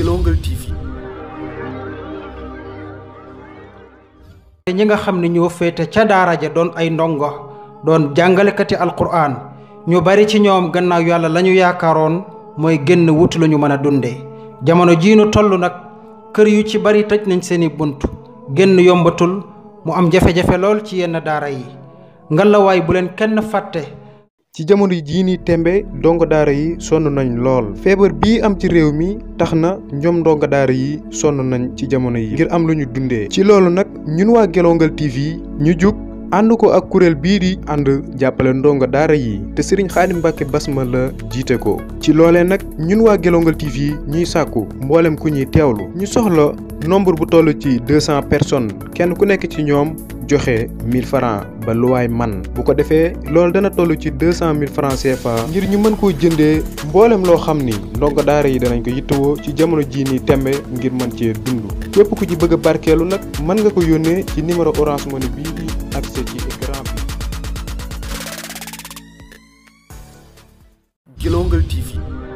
Guelongal TV. ñi nga xam ne ñoo féete ca daara ja doon ay ndongo doon jàngalekati alxuraan ñu bari ci ñoom gannaaw yàlla lañu yaakaaroon mooy génn wut lu ñu mën a dundee jamono jii toll nag kër yu ci bari tëj nañ seeni bunt génn yombatul mu am jafe-jafe lool ci yenn daara yi ngalawaay bu leen kenn fàtte. ci jamono jii nii tembe ndongo daara yi sonn nañ lool feebar bii am ci réew mi tax na ñoom ndongo yi sonn nañ ci jamono yi ngir am lu ñu dundee ci loolu nag ñun waa Gelongal TV ñu jug ànd ko ak kuréel bii di ànd jàppale ndongo daara yi te sëriñ Xaadim Mbàkke Basma la jiite ko ci loolee nag ñun waa Gelongal TV ñuy sàkku mboolem ku ñuy teewlu ñu soxla nombre bu toll ci 200 personnes kenn ku nekk ci ñoom joxe 1000 francs ba lu waay man bu ko defee loolu dana toll ci 200 000 francs CFA ngir ñu mën koo jëndee mboolem loo xam ni ndongo daara yi danañ ko yittewoo ci jamono jii nii tembe ngir mën ci dund képp ku ci bëgg a barkeelu nag mën nga ko yónnee ci numéro Orange Money bii di accès ci écran bi.